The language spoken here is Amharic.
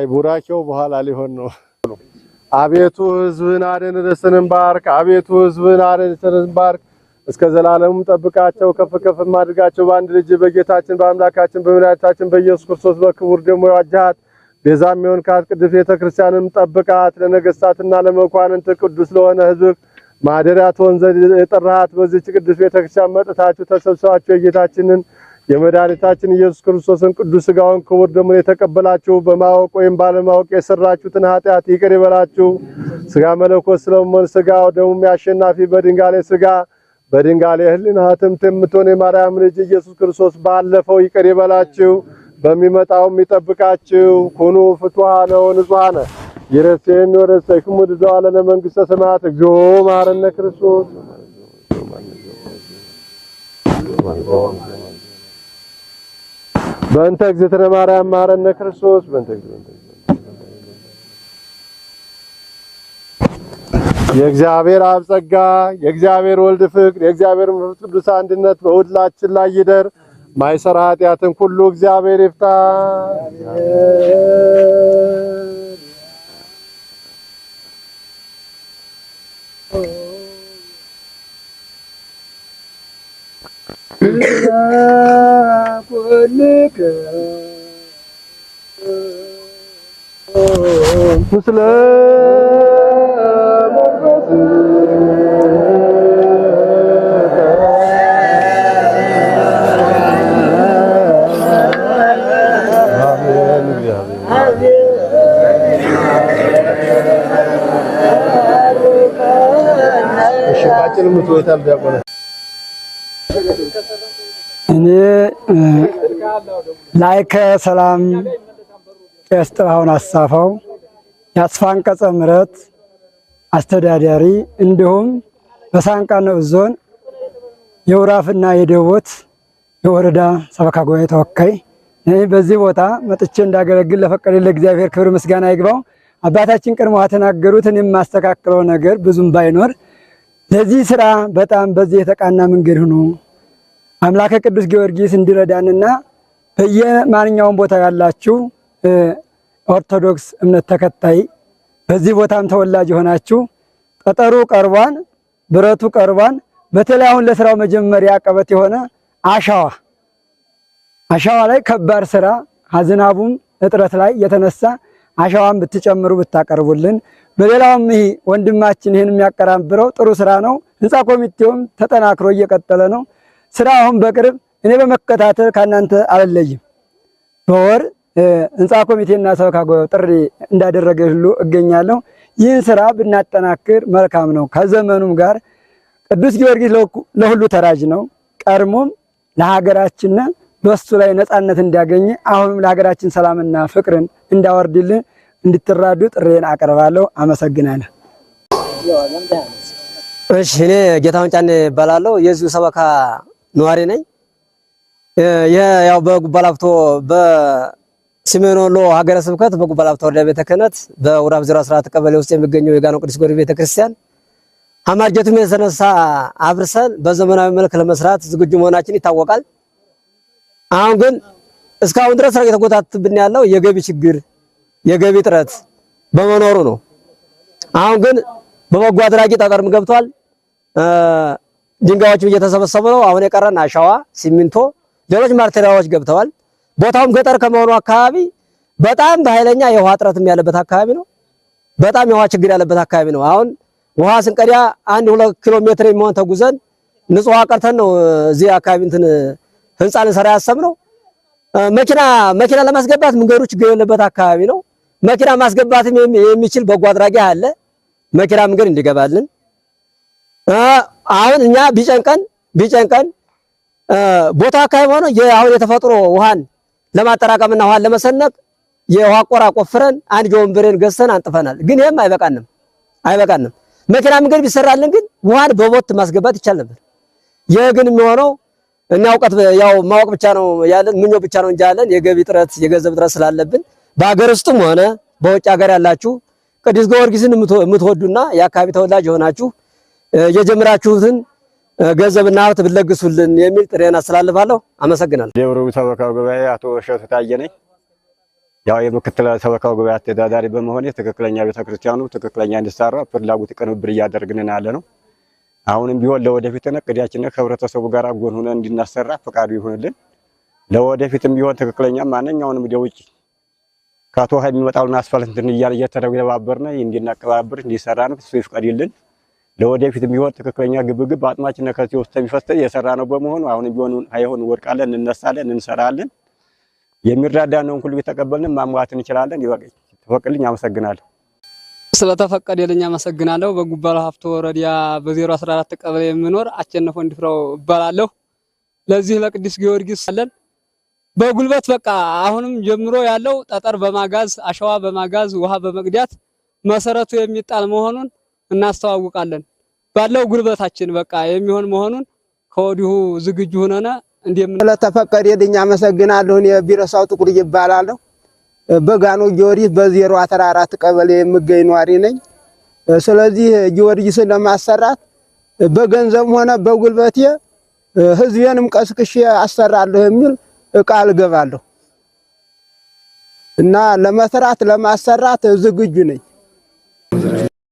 አይ ቡራኬው በኋላ ሊሆን ነው። አቤቱ ህዝብን አድን ርስትንም ባርክ። አቤቱ ህዝብን አድን ርስትንም ባርክ። እስከ ዘላለሙ ጠብቃቸው፣ ከፍ ከፍ ማድርጋቸው በአንድ ልጅ በጌታችን በአምላካችን በመድኃኒታችን በኢየሱስ ክርስቶስ በክቡር ደሙ ያጃት ቤዛ የሚሆን ካት ቅዱስ ቤተ ክርስቲያንም ጠብቃት። ለነገስታትና ለመኳንንት ቅዱስ ለሆነ ህዝብ ማደሪያ ትሆን ዘንድ የጠራሃት በዚህች ቅዱስ ቤተ ክርስቲያን መጥታችሁ ተሰብስባችሁ የጌታችንን የመድኃኒታችን ኢየሱስ ክርስቶስን ቅዱስ ሥጋውን ክቡር ደሙን የተቀበላችሁ በማወቅ ወይም ባለማወቅ የሰራችሁትን ኃጢአት ይቅር ይበላችሁ። ሥጋ መለኮት ስለመሆን ሥጋው ደሙም ያሸናፊ በድንጋሌ ሥጋ በድንጋሌ ሕሊና እኅትምት የምትሆን የማርያም ልጅ ኢየሱስ ክርስቶስ ባለፈው ይቅር ይበላችሁ፣ በሚመጣውም ይጠብቃችሁ። ኩኑ ፍቱሐ ነው ንጹሐነ ይረሴን ወረሰይክሙ ለዘለዓለ መንግሥተ ሰማያት እግዚኦ ማረነ ክርስቶስ በእንተ እግዝእትነ ማርያም ማረነ ክርስቶስ በእንተ የእግዚአብሔር አብ ጸጋ የእግዚአብሔር ወልድ ፍቅር የእግዚአብሔር መንፈስ ቅዱስ አንድነት በሁላችን ላይ ይደር። ማይሰራ ኃጢአትን ሁሉ እግዚአብሔር ይፍታ። Yeah. ولك مسلم ሽባጭን ምትወታል ዲያቆነ እኔ ላይከ ሰላም ቄስ ጥላሁን አሳፋው የአስፋንቀጸ ምሕረት አስተዳዳሪ እንዲሁም በሳንቃነው ዞን የውራፍና የደቦት የወረዳ ሰበካ ጉባኤ ተወካይ እኔ በዚህ ቦታ መጥቼ እንዳገለግል ለፈቀደ ለእግዚአብሔር ክብር ምስጋና ይግባው። አባታችን ቀድሞ ተናገሩት። እኔም የማስተካክለው ነገር ብዙም ባይኖር ለዚህ ስራ በጣም በዚህ የተቃና መንገድ ሆኖ አምላከ ቅዱስ ጊዮርጊስ እንዲረዳንና በየማንኛውም ቦታ ያላችሁ ኦርቶዶክስ እምነት ተከታይ በዚህ ቦታም ተወላጅ የሆናችሁ ጠጠሩ ቀርቧን፣ ብረቱ ቀርቧን። በተለይ አሁን ለስራው መጀመሪያ ቀበት የሆነ አሸዋ አሻዋ ላይ ከባድ ስራ ዝናቡም እጥረት ላይ የተነሳ አሻዋን ብትጨምሩ ብታቀርቡልን። በሌላውም ይህ ወንድማችን ይህን የሚያቀራብረው ጥሩ ስራ ነው። ህንፃ ኮሚቴውም ተጠናክሮ እየቀጠለ ነው። ስራ አሁን በቅርብ እኔ በመከታተል ከእናንተ አልለይም። በወር ህንፃ ኮሚቴና ሰበካ ጉባኤው ጥሪ እንዳደረገ ሁሉ እገኛለሁ። ይህን ስራ ብናጠናክር መልካም ነው። ከዘመኑም ጋር ቅዱስ ጊዮርጊስ ለሁሉ ተራጅ ነው። ቀድሞም ለሀገራችን በሱ ላይ ነፃነት እንዲያገኝ አሁንም ለሀገራችን ሰላምና ፍቅርን እንዳወርድልን እንድትራዱ ጥሬን አቀርባለሁ። አመሰግናለሁ። እሺ እኔ ጌታሁን ጫን እባላለሁ የዚሁ ሰበካ ነዋሪ ነኝ። ያው በጉባላፍቶ በሰሜን ወሎ ሀገረ ስብከት በጉባላፍቶ ወረዳ ቤተ ክህነት በውራብ 014 ቀበሌ ውስጥ የሚገኘው የጋኖ ቅዱስ ጊዮርጊስ ቤተ ክርስቲያን አማርጀቱም የተነሳ አፍርሰን በዘመናዊ መልክ ለመስራት ዝግጁ መሆናችን ይታወቃል። አሁን ግን እስካሁን ድረስ የተጎታተብን ያለው የገቢ ችግር የገቢ ጥረት በመኖሩ ነው። አሁን ግን በበጎ አድራጊ ጠጠርም ገብቷል። ድንጋዮች እየተሰበሰቡ ነው። አሁን የቀረን አሸዋ፣ ሲሚንቶ፣ ሌሎች ማቴሪያሎች ገብተዋል። ቦታውም ገጠር ከመሆኑ አካባቢ በጣም በኃይለኛ የውሃ እጥረትም ያለበት አካባቢ ነው። በጣም የውሃ ችግር ያለበት አካባቢ ነው። አሁን ውሃ ስንቀዳ አንድ ሁለት ኪሎ ሜትር የሚሆን ተጉዘን ንጹህ ውሃ ቀርተን ነው እዚህ አካባቢ እንትን ህንፃ ልንሰራ ያሰብነው። መኪና መኪና ለማስገባት መንገዱ ችግር ያለበት አካባቢ ነው። መኪና ማስገባትም የሚችል በጎ አድራጊ አለ። መኪና መንገድ እንዲገባልን አሁን እኛ ቢጨንቀን ቢጨንቀን ቦታ ካይሆነ የአሁን የተፈጥሮ ውሃን ለማጠራቀምና ውሃን ለመሰነቅ የውሃ ቆራ ቆፍረን አንድ ጆንብሬን ገዝተን አንጥፈናል። ግን ይሄም አይበቃንም አይበቃንም። መኪና መንገድ ቢሰራልን ግን ውሃን በቦት ማስገባት ይቻል ነበር። ይሄ ግን የሚሆነው እና እውቀት ያው ማወቅ ብቻ ነው ያለን ምኞ ብቻ ነው እንጂ ያለን የገቢ ጥረት የገንዘብ ጥረት ስላለብን በአገር ውስጥም ሆነ በውጭ ሀገር ያላችሁ ቅዱስ ጊዮርጊስን የምትወዱና የአካባቢ ተወላጅ የሆናችሁ የጀመራችሁትን ገንዘብና ሀብት ብለግሱልን የሚል ጥሬን አስተላልፋለሁ። አመሰግናለሁ። ደብሩ ሰበካው ጉባኤ አቶ እሸቱ ታየ ነኝ። ያው የምክትል ሰበካው ጉባኤ አስተዳዳሪ በመሆን ትክክለኛ ቤተክርስቲያኑ ትክክለኛ እንዲሰራ ፍላጎት ቅንብር እያደረግን ያለ ነው። አሁንም ቢሆን ለወደፊት እቅዳችን ከህብረተሰቡ ጋር ጎን ሆነን እንድናሰራ ፈቃዱ ይሁንልን። ለወደፊትም ቢሆን ትክክለኛ ማንኛውንም ደውጭ ከአቶ ሀይ የሚመጣውን አስፋልት እንትን እያለ እየተደባበርን እንዲናቀባብር እንዲሰራን እሱ ይፍቀድልን። ለወደፊት የሚሆን ትክክለኛ ግብግብ አጥማችን ከዚህ ውስጥ የሚፈስጠ የሰራ ነው በመሆኑ አሁንም ቢሆን አይሆን ወድቃለን፣ እንነሳለን፣ እንሰራለን። የሚረዳ ነው ሁሉ የተቀበልን ማሟት እንችላለን። ይበቃ ተፈቅልኝ። አመሰግናለሁ። ስለተፈቀደልኝ አመሰግናለሁ። በጉባኤው ሀብቶ ወረዳ በ014 ቀበሌ የምኖር አቸነፈ እንድፍራው እባላለሁ። ለዚህ ለቅዱስ ጊዮርጊስ አለን በጉልበት በቃ አሁንም ጀምሮ ያለው ጠጠር በማጋዝ አሸዋ በማጋዝ ውሃ በመቅዳት መሰረቱ የሚጣል መሆኑን እናስተዋውቃለን። ባለው ጉልበታችን በቃ የሚሆን መሆኑን ከወዲሁ ዝግጁ ሆነና እንደምን ስለተፈቀደልኝ አመሰግናለሁ። የቢረሳው ጥቁር ይባላለሁ። በጋኖ ጊዮርጊስ በዜሮ አስራ አራት ቀበሌ የምገኝ ኗሪ ነኝ። ስለዚህ ጊዮርጊስን ለማሰራት በገንዘብ ሆነ በጉልበቴ ህዝቤንም ቀስቅሼ አሰራለሁ የሚል ቃል እገባለሁ እና ለመስራት ለማሰራት ዝግጁ ነኝ።